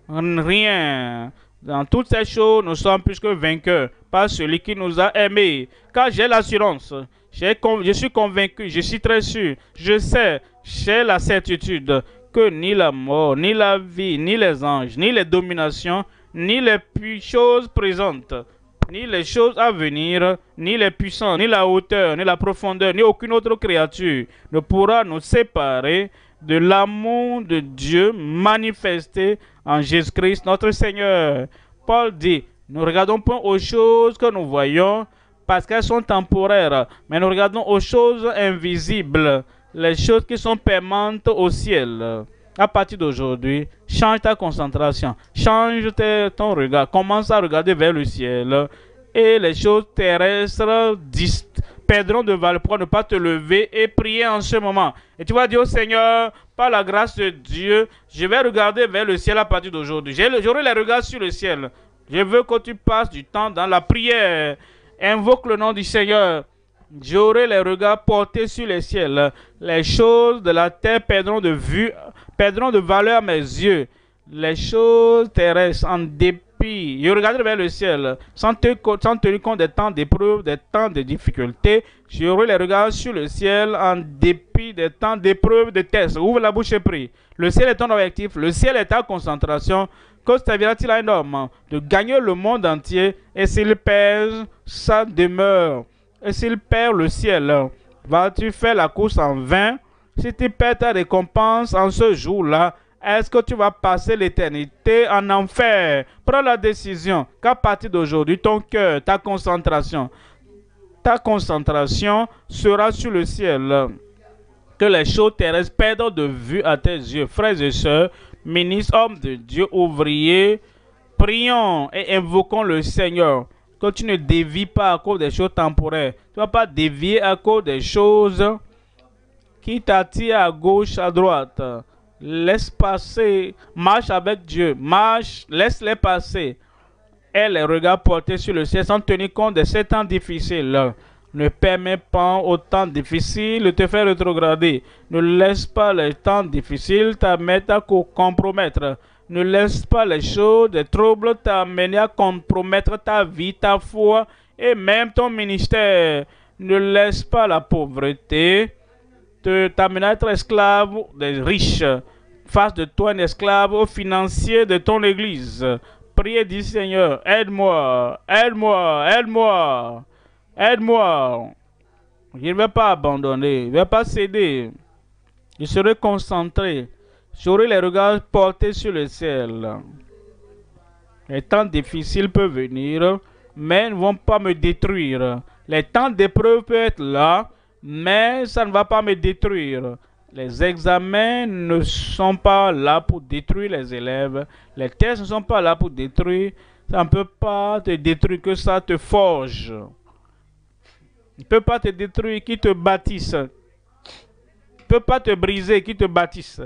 rien. Dans toutes ces choses, nous sommes plus que vainqueurs par celui qui nous a aimés. Car j'ai l'assurance, je suis convaincu, je suis très sûr, je sais, j'ai la certitude que ni la mort, ni la vie, ni les anges, ni les dominations, ni les choses présentes, ni les choses à venir, ni les puissants, ni la hauteur, ni la profondeur, ni aucune autre créature ne pourra nous séparer de l'amour de Dieu manifesté en Jésus-Christ notre Seigneur. Paul dit, nous regardons pas aux choses que nous voyons parce qu'elles sont temporaires, mais nous regardons aux choses invisibles, les choses qui sont permanentes au ciel à partir d'aujourd'hui, change ta concentration, change ton regard, commence à regarder vers le ciel et les choses terrestres perdront de valeur pour ne pas te lever et prier en ce moment. Et tu vas dire au oh Seigneur, par la grâce de Dieu, je vais regarder vers le ciel à partir d'aujourd'hui. J'aurai les regards sur le ciel. Je veux que tu passes du temps dans la prière. Invoque le nom du Seigneur. J'aurai les regards portés sur les ciel. Les choses de la terre perdront de vue perdront de valeur mes yeux les choses terrestres en dépit. Je regarderai vers le ciel sans, tenir compte des temps d'épreuve, des temps de difficultés. J'aurai les regards sur le ciel en dépit des temps d'épreuve, de tests. Ouvre la bouche et prie. Le ciel est ton objectif, le ciel est ta concentration. Que servira-t-il à un homme de gagner le monde entier et s'il perd sa demeure et s'il perd le ciel Vas-tu faire la course en vain si tu perds ta récompense en ce jour-là, est-ce que tu vas passer l'éternité en enfer Prends la décision qu'à partir d'aujourd'hui, ton cœur, ta concentration, ta concentration sera sur le ciel. Que les choses terrestres perdent de vue à tes yeux. Frères et sœurs, ministres, hommes de Dieu, ouvriers, prions et invoquons le Seigneur. Que tu ne dévies pas à cause des choses temporaires. Tu ne vas pas dévier à cause des choses qui t'attire à gauche, à droite. Laisse passer, marche avec Dieu, marche, laisse-les passer. Et les regards portés sur le ciel sans tenir compte de ces temps difficiles. Ne permets pas aux temps difficiles de te faire rétrograder. Ne laisse pas les temps difficiles t'amener à compromettre. Ne laisse pas les choses, les troubles t'amener à compromettre ta vie, ta foi et même ton ministère. Ne laisse pas la pauvreté t'amener à être esclave des riches. face de toi un esclave au financier de ton église. Priez, dit Seigneur, aide-moi, aide-moi, aide-moi, aide-moi. Je ne vais pas abandonner, je ne vais pas céder. Je serai concentré. J'aurai les regards portés sur le ciel. Les temps difficiles peuvent venir, mais ne vont pas me détruire. Les temps d'épreuve peuvent être là, mais ça ne va pas me détruire. Les examens ne sont pas là pour détruire les élèves. Les tests ne sont pas là pour détruire. Ça ne peut pas te détruire que ça te forge. Ne peut pas te détruire qui te bâtisse. Ne peut pas te briser qui te bâtisse.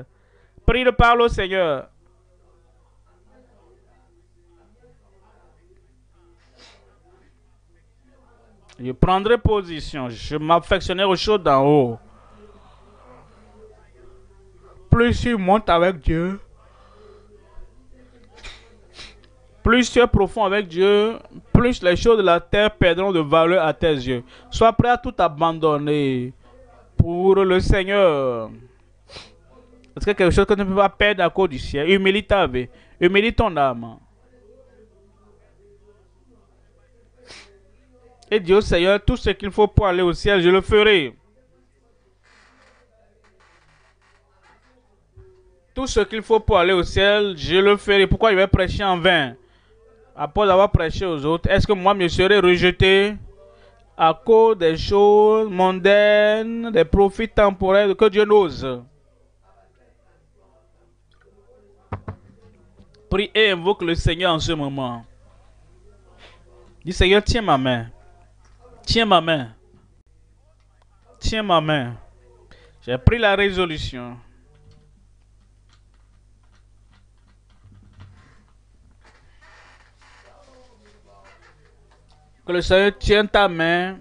Prie-le Parle au Seigneur. Je prendrai position. Je m'affectionnerai aux choses d'en haut. Plus tu montes avec Dieu, plus tu es profond avec Dieu, plus les choses de la terre perdront de valeur à tes yeux. Sois prêt à tout abandonner pour le Seigneur. est quelque chose que tu ne peux pas perdre à cause du ciel? Humilie ta vie. Humilie ton âme. et dit au Seigneur, tout ce qu'il faut pour aller au ciel, je le ferai. Tout ce qu'il faut pour aller au ciel, je le ferai. Pourquoi je vais prêcher en vain Après avoir prêché aux autres, est-ce que moi je serai rejeté à cause des choses mondaines, des profits temporaires que Dieu n'ose Prie et invoque le Seigneur en ce moment. Dis Seigneur, tiens ma main. Tiens ma main. Tiens ma main. J'ai pris la résolution. Que le Seigneur tienne ta main.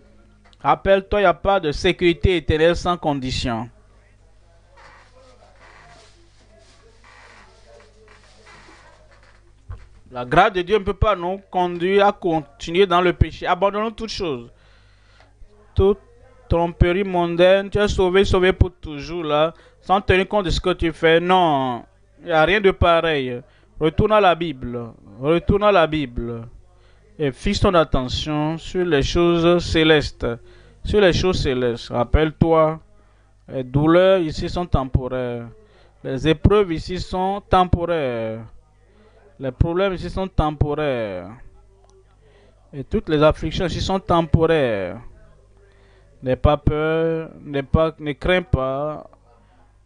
Rappelle-toi, il n'y a pas de sécurité éternelle sans condition. La grâce de Dieu ne peut pas nous conduire à continuer dans le péché. Abandonnons toutes choses toute tromperie mondaine. Tu as sauvé, sauvé pour toujours, là, sans tenir compte de ce que tu fais. Non, il n'y a rien de pareil. Retourne à la Bible. Retourne à la Bible. Et fixe ton attention sur les choses célestes. Sur les choses célestes. Rappelle-toi, les douleurs ici sont temporaires. Les épreuves ici sont temporaires. Les problèmes ici sont temporaires. Et toutes les afflictions ici sont temporaires. N'aie pas peur, pas, ne crains pas,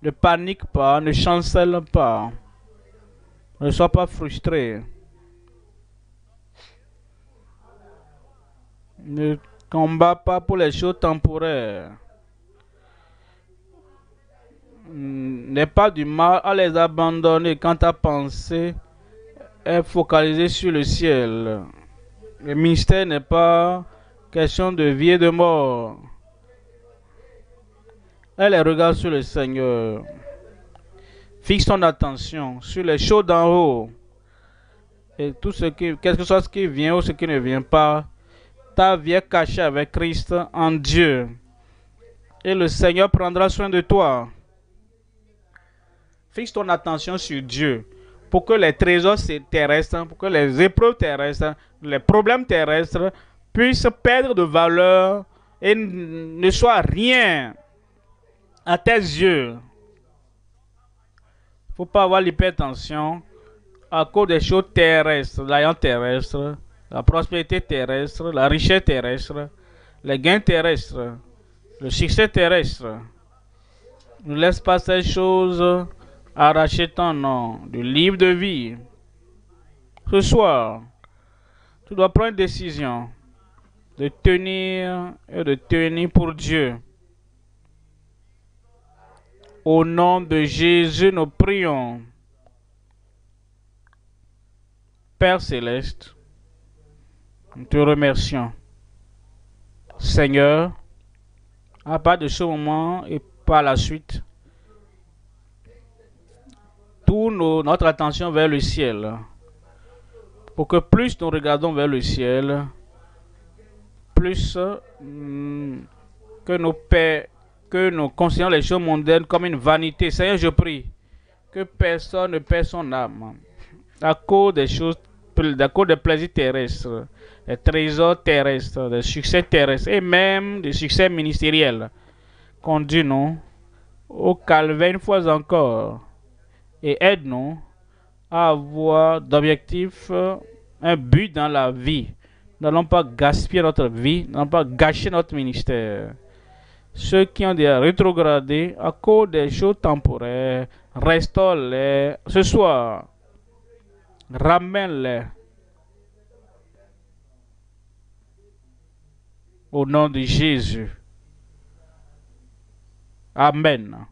ne panique pas, ne chancelle pas. Ne sois pas frustré. Ne combat pas pour les choses temporaires. N'aie pas du mal à les abandonner quand ta pensée est focalisée sur le ciel. Le mystère n'est pas question de vie et de mort. Elle les regards sur le Seigneur. Fixe ton attention sur les choses d'en haut. Et tout ce qui, Qu'est-ce que soit ce qui vient ou ce qui ne vient pas, ta vie est cachée avec Christ en Dieu. Et le Seigneur prendra soin de toi. Fixe ton attention sur Dieu pour que les trésors terrestres, pour que les épreuves terrestres, les problèmes terrestres puissent perdre de valeur et ne soient rien à tes yeux. Il ne faut pas avoir l'hypertension à cause des choses terrestres, l'aïe terrestre, la prospérité terrestre, la richesse terrestre, les gains terrestres, le succès terrestre. Ne laisse pas ces choses arracher ton nom du livre de vie. Ce soir, tu dois prendre une décision de tenir et de tenir pour Dieu. Au nom de Jésus, nous prions. Père céleste, nous te remercions. Seigneur, à part de ce moment et par la suite, tourne notre attention vers le ciel. Pour que plus nous regardons vers le ciel, plus mm, que nos pères que nous considérons les choses mondaines comme une vanité. Seigneur, je prie que personne ne perd son âme à cause des choses, à cause des plaisirs terrestres, des trésors terrestres, des succès terrestres et même des succès ministériels. Conduis-nous au calvaire une fois encore et aide-nous à avoir d'objectifs, un but dans la vie. N'allons pas gaspiller notre vie, n'allons pas gâcher notre ministère ceux qui ont déjà rétrogradé à cause des choses temporaires, restaure-les ce soir, ramène-les au nom de Jésus. Amen.